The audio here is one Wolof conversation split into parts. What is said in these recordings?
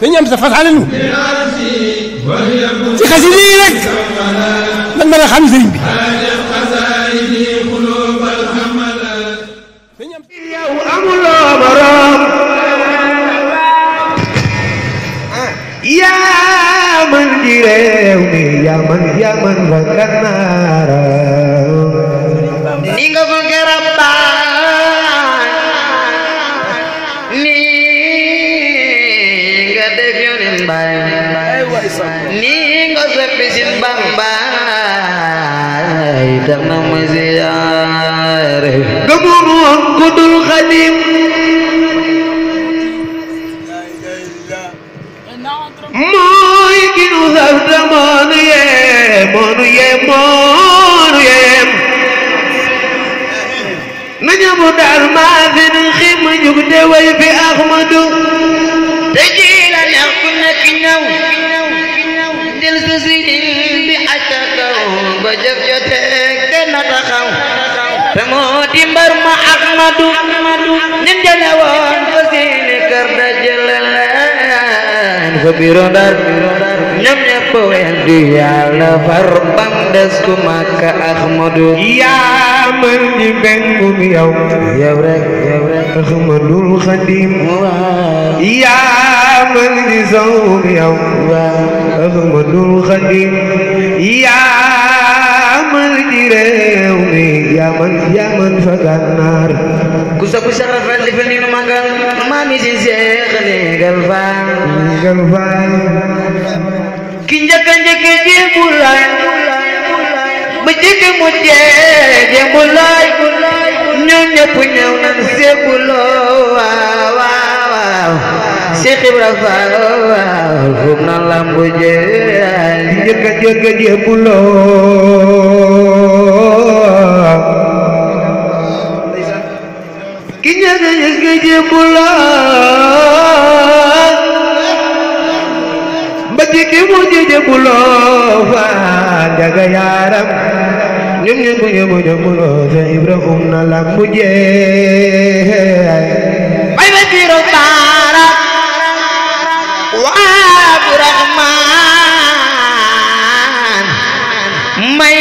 فين يمسى فاس على نو تخزينك من ملا خمسة يمبي يا من يا من يا من وكنارا bất vi xin bằng ba Thầm nông mới gì em, kudul em, Moy em. sabda monu ye Monu ye monu ye Nanyamu dalma zin khim Nyugde way fi akhmadu te moo di mbar ma Ahmadu ñun jane woon fa seeni kër dajalaan fa biro Ndar ñoom ñëpp weddi yàlla far bam des ku màkk Ahmadu yaa mën di mbengum yow yow rek yow rek Ahmadul Xadim yaa mën di sawum yow Ahmadul Xadim yaa mën di réew mi yaman yaman ya man kusa kusa rafal li fani magal mami si cheikh ne galfa galfa kinja kanje ke je mulai bejike mu je je mulai nyonya punya nan se bulo wa wa wa Ibrahim Humna lambu je Jika jika je bulo buju je buloo faa njaga yaaram ñun ñun buju buju buloo sa ibra um na lam bujee bay ba biro baara waa bu rahmaan may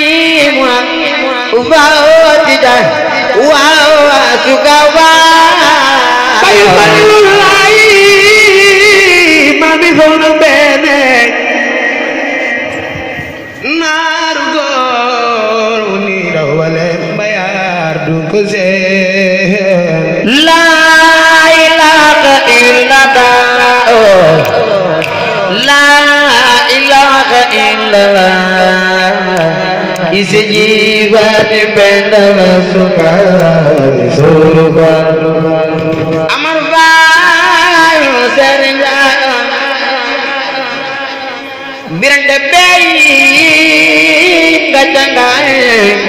mu faw ti da waa أنفسهم لا إله إلا الله لا إله إلا الله إسجيب بين سبحان سبحان أمر باي سرنا برند بي كتنعي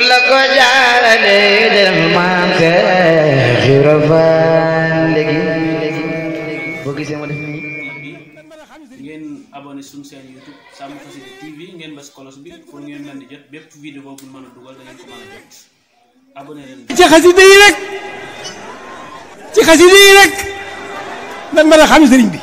ku la ko jaarale dem maam Seex Ibra Faal léegi boo gisee ma def nii ngeen abonné suñu seen YouTube Sàmm Xassida TV ngeen bës kolos bi pour ngeen mën di jot bépp vidéo bu mën a dugal da ngeen ko mën a jot abonné leen ci xasida yi rek ci xasida yi rek lan mën a xam sëriñ bi